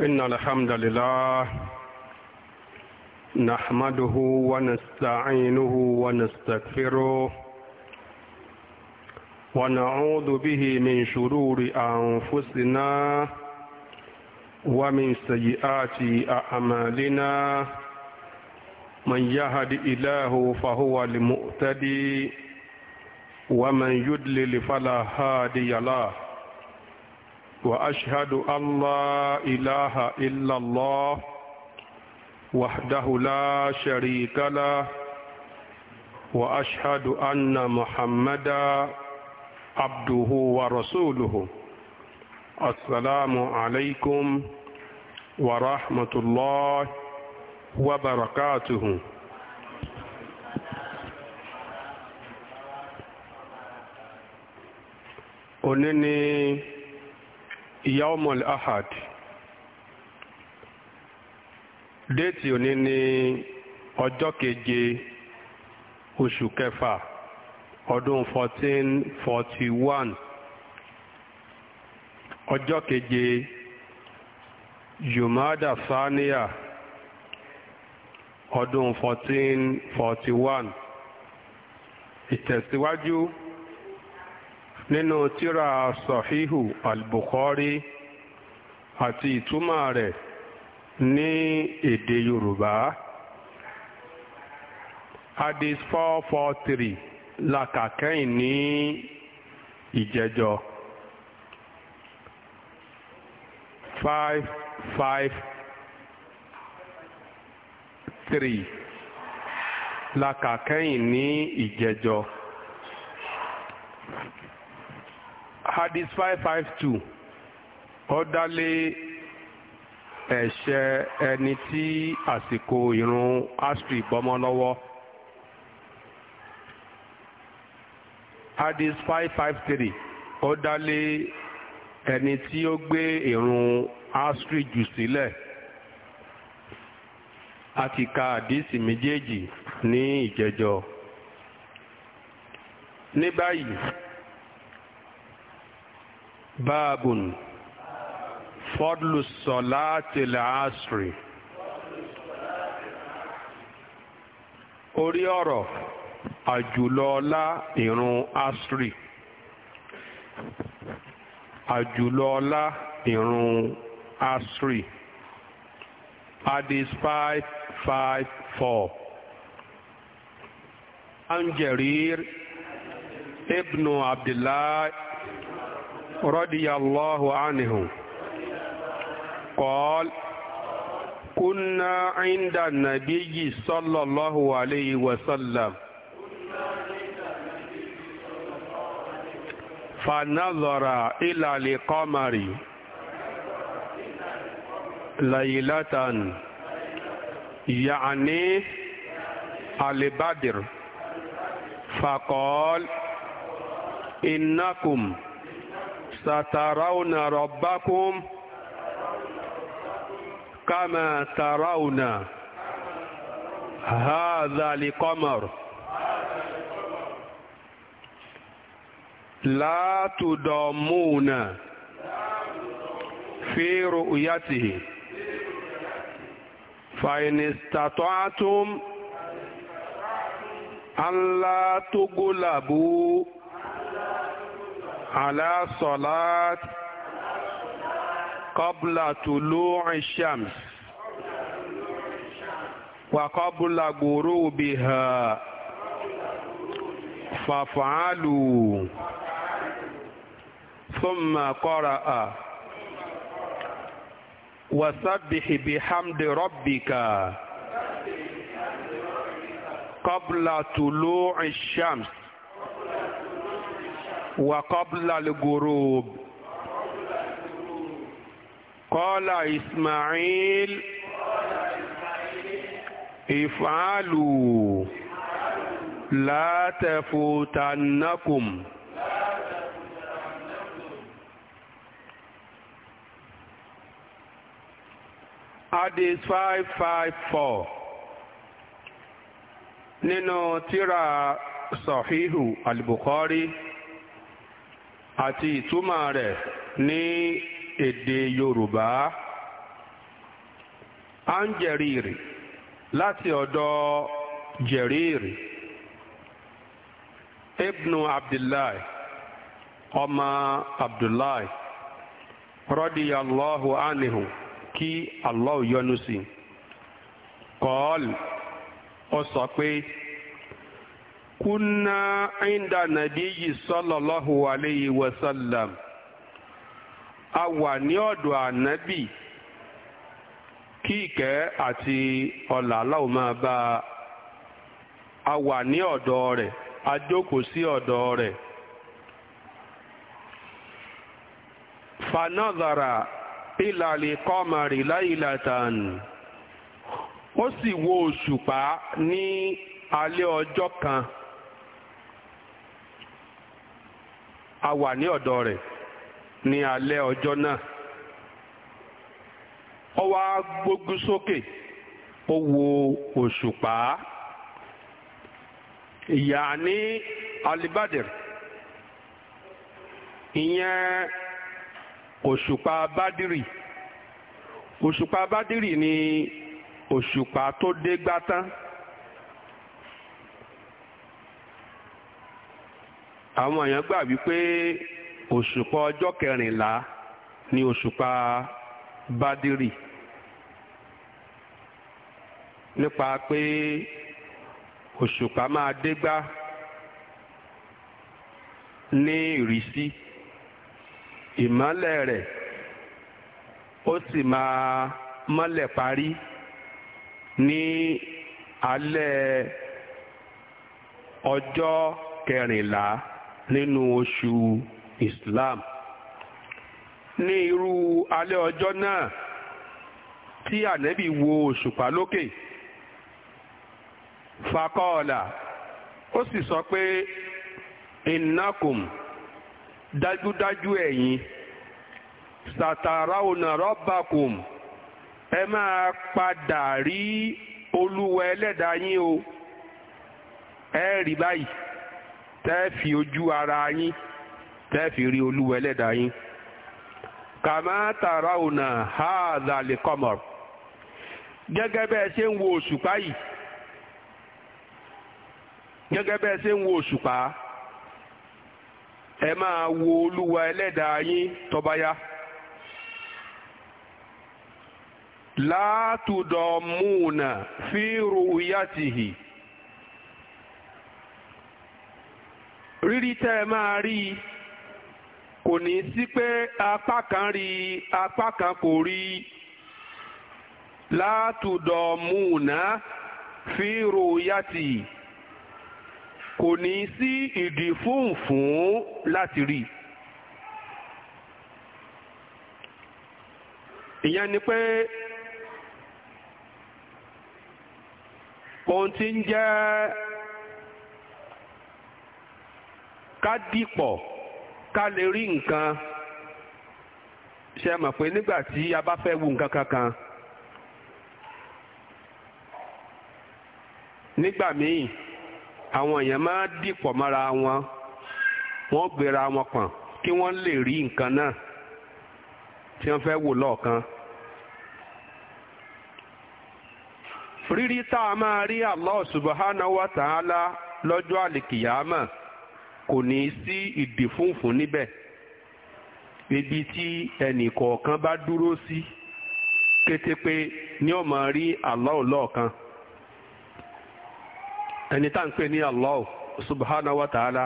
إن الحمد لله نحمده ونستعينه ونستغفره ونعوذ به من شرور أنفسنا ومن سيئات أعمالنا من يهد إله فهو المؤتدي ومن يدلل فلا هادي له وأشهد ان لا اله الا الله وحده لا شريك له وأشهد أن محمدا عبده ورسوله السلام عليكم ورحمة الله وبركاته òní yawmul ahad déètì òní ní ọjọ́ keje oṣù kẹfà ọdún fourteen ọjọ́ keje jumada saniya ọdún 1441 forty one nínú tírà sahihu al-bukhari àti ìtumọ̀ rẹ̀ ní èdè yorùbá hadith four four three la kà kẹ́yìn ní ìjẹjọ five five hadith five five two ó dálé ẹ̀ṣẹ̀ ẹni tí àsìkò ìrun astri bọ́mọ́ lọ́wọ́. hadith five five three ó dálé ẹni tí ó gbé ìrun astri jù sílẹ̀ a ka àdísì méjèèjì ní ìjẹjọ. ní báyìí باب فضل الصلاة العصر orí ọ̀rọ̀ àjùlọ ọlá ìrun asri àjùlọ ọlá ìrun asri hadith five five four anjerir ibnu abdullahi رضي الله عنه قال كنا عند النبي صلى الله عليه وسلم فنظر إلى القمر ليلة يعني البدر فقال إنكم satarawna rabbakum kama tarawna hadha liqamar la tudamuna fi ru'yatihi fa in istata'tum an la على صلاة قبل طلوع الشمس وقبل غروبها فافعلوا ثم قرأ وسبح بحمد ربك قبل طلوع الشمس وقبل الغروب قال اسماعيل افعلوا لا تفوتنكم Hadis 554 Nino tira sahihu al-Bukhari àti ìtumọ̀ rẹ̀ ní èdè Yorùbá à ń jẹ̀rìrì láti ọ̀dọ̀ jẹ̀rìrì ibnu Abdullahi ọmọ Abdullahi rọ́díyàlọ́hu ánìhù kí Allah yọ́nú sí kọ́ọ̀lù ọ sọ pé. kunna inda nabiyyi sallallahu alayhi wa sallam a wà ní ọ̀dọ̀ ànábì kí àti ọlà aláwọ̀ bá a wà ní ọ̀dọ̀ rẹ̀ a jókòó sí rẹ̀ ó sì wo òṣùpá ní alẹ́ ọjọ́ kan. a wà ní ọ̀dọ̀ rẹ̀ ní alẹ́ ọjọ́ náà ọ wá gbógun sókè ó wo òṣùpá ìyá ní alibadir ìyẹn òṣùpá bádìrì òṣùpá bádìrì ni òṣùpá tó dé gbátán. àwọn èèyàn gbà wípé òṣùpá ọjọ́ kẹrìnlá ni òṣùpá bádìrì nípa pé òṣùpá máa dégbá ní ìrísí ìmọ́lẹ̀ rẹ̀ ó sì máa mọ́lẹ̀ parí ní alẹ́ ọjọ́ kẹrìnlá. nínú oṣù Islam ní irú alẹ́ ọjọ́ náà tí ànẹ́bì wo òṣùpá lókè fakọ́ọ̀là ó sì sọ pé innakum dájúdájú Ẹ̀yìn, sàtàràùnà rọ́bàkùm ẹ máa padà rí olúwa ẹlẹ́dàá yín o ẹ rí báyìí tẹ́ ojú ara yín tẹ́ rí olúwa ẹlẹ́dàá yín kàmá tààrà ònà háàdà lè kọ́mọ̀ gẹ́gẹ́ bẹ́ẹ̀ ṣe ń wo òṣùpá yìí gẹ́gẹ́ bẹ́ẹ̀ ṣe ń wo òṣùpá ẹ máa wo olúwa ẹlẹ́dàá yín tó bá yá. látùdọ̀mùnà fírùúyàtìhì. rírí tẹ́ ẹ máa rí i kò ní sí pé apá kan rí i apá kan kò rí i látùdọ̀mùnà fi ròyàtì kò ní sí ìdí fúnfún láti rí i. ìyẹn ni pé ohun tí ń jẹ́ ká dìpọ̀ ká lè rí nǹkan ṣe mọ̀ pé nígbà tí a bá fẹ́ wu nǹkan kankan nígbà míì àwọn èèyàn máa dìpọ̀ mọ́ra wọn wọ́n gbéra wọn pọ̀n kí wọ́n lè rí nǹkan náà tí wọ́n fẹ́ wò lọ́ọ̀kan. rírí tá a máa rí Allah subhanahu wa ta'ala lọ́jọ́ àlìkìyàmọ̀. kò ní sí ìdí funfun níbẹ̀ ibi tí ẹnì kọ̀ọ̀kan bá dúró sí kété pé ní ó máa rí Allah lọ́ọ̀kan ẹni tá à ń pè ní Allah subhanahu wa ta'ala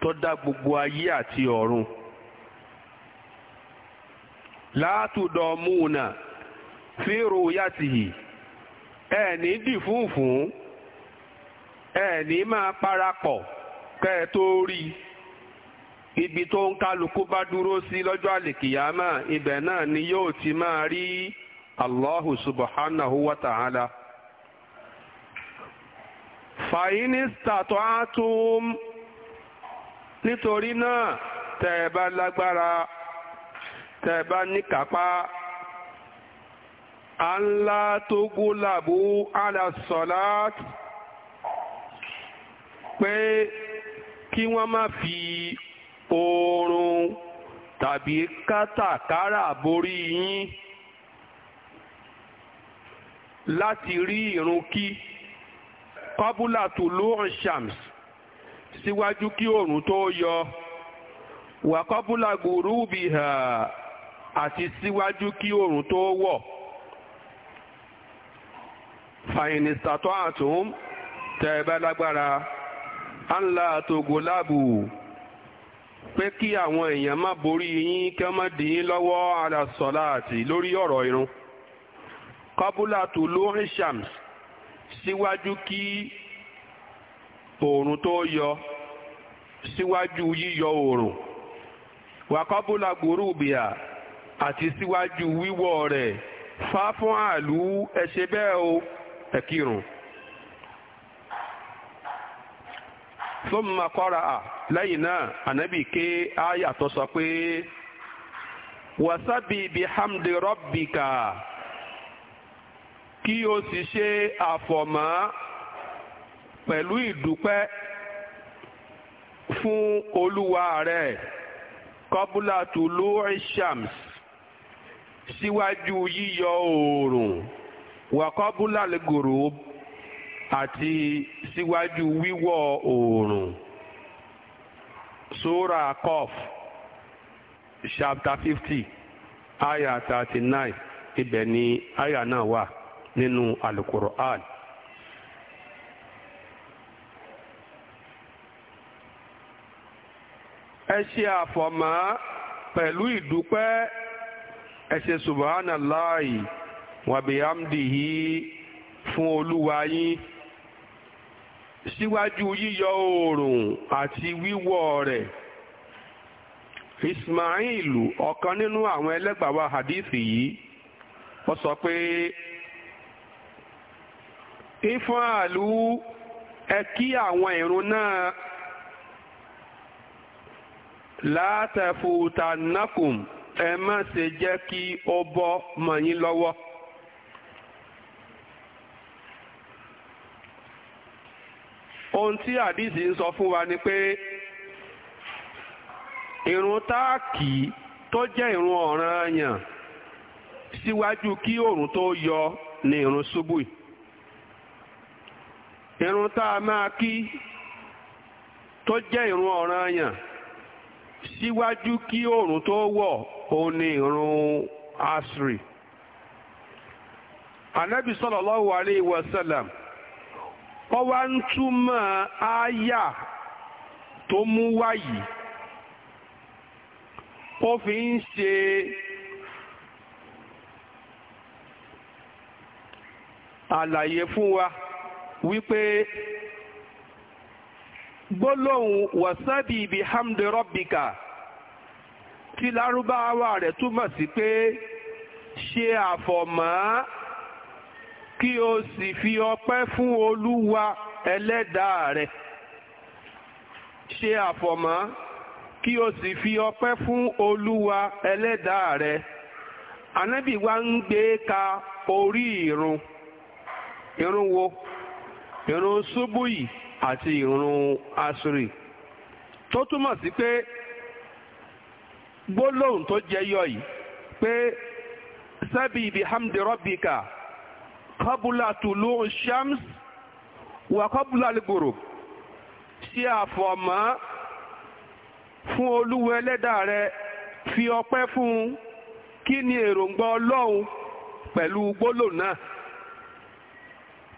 tó dá gbogbo ayé àti ọ̀run látùdọ̀mùnà fírò yàtìhì ẹ̀ẹ́nì dì fúnfún ẹ̀ẹ́nì máa parapọ̀. kẹ́ ẹ tó rí ibi tó ń kálukú bá dúró sí lọ́jọ́ àlèkìyàmà ibẹ̀ náà ni yóò ti máa rí Allahu subhanahu wa ta'ala. tó á tún nítorí náà lágbára kí wọ́n má fi oorun tàbí kátàkárà borí yín láti rí irun kí kọ́búlà tó lóhùn shams síwájú kí oòrùn tó yọ wà kọ́búlà gùrúbì hà àti síwájú kí oòrùn tó wọ̀ fàyìnìsàtọ̀ àtún tẹ̀ ẹ bá lágbára ńlá àtògò láàbù pé kí àwọn èèyàn má borí yín kí má dì yín lọ́wọ́ ala sọ̀láàtì lórí ọ̀rọ̀ irun kọ́búlà tó lóhìn shams síwájú kí oòrùn tó yọ síwájú yíyọ oòrùn wàkọ́bùlà gòrúbìà àti síwájú wíwọ̀ rẹ̀ fáfún àlù ẹ bẹ́ẹ̀ o ẹ kírun. tó máa kọ́ra à lẹ́yìn náà ànábì ké áyà tó sọ pé wasabi bihamdi rabbika kí o sì ṣe àfọ̀mọ́ pẹ̀lú ìdúpẹ́ fún olúwa rẹ̀ kọ́búlà tùlú ishams síwájú yíyọ oòrùn wà kọ́búlà lẹ́gòrò àti síwájú wíwọ oòrùn sura Qaf chapter fifty aya thirty nine ibẹ̀ ni aya náà wà nínú alukur'an. ẹ ṣe àfọ̀mọ́ pẹ̀lú ìdúpẹ́ ẹ ṣe subhanallahi wa bihamdihi fún olúwa yín. síwájú yíyọ oòrùn àti wíwọ̀ rẹ̀ Ismail ọ̀kan nínú àwọn ẹlẹ́gbàáwa hadithi yìí ó sọ pé ifáàlú ẹ kí àwọn ìrun náà látẹ̀fù tànákùm ẹ má ṣe jẹ́ kí ó bọ́ mọ́ lọ́wọ́. ohun tí àdìsí ń sọ fún wa ni pé irun táàkì tó jẹ́ irun ọ̀ranyàn síwájú kí òòrùn tó yọ ni irun ṣubú irun tá a máa kí tó jẹ́ irun ọ̀ranyàn síwájú kí òòrùn tó wọ̀ òun ni irun asri anabi ọ wá ń túmọ̀ áyà tó mú wáyìí ó fi ń ṣe àlàyé fún wa wípé gbólóhùn wàsábì ibi hamdi tí lárúbáwá rẹ̀ túmọ̀ sí pé ṣe àfọ̀mọ́ kí o sì fi ọpẹ́ fún olúwa ẹlẹ́dàá rẹ̀ ṣe àfọ̀mọ́ kí o sì fi ọpẹ́ fún olúwa ẹlẹ́dàá rẹ̀ ànábì wa ń gbé ka orí ìrun ìrun wo ìrun ṣubúyì àti ìrun asiri tó túmọ̀ sí pé gbólóhùn tó jẹyọ yìí pé sábì ibi hamdi rọ́bìkà. kọ́bùlà tùlù shams wà kọ́bùlà lìgbòrò sí àfọ̀mọ́ fún olúwa ẹlẹ́dà rẹ fi ọpẹ́ fún un kí ni èròǹgbà ọlọ́run pẹ̀lú gbólóhùn náà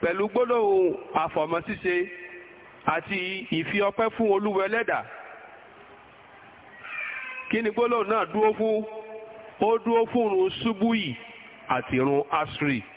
pẹ̀lú gbólóhùn àfọ̀mọ́ ṣíṣe àti ìfi ọpẹ́ fún olúwa ẹlẹ́dà kí ni gbólóhùn náà dúró fún ó dúró fún irun ṣubúyì àti irun asri.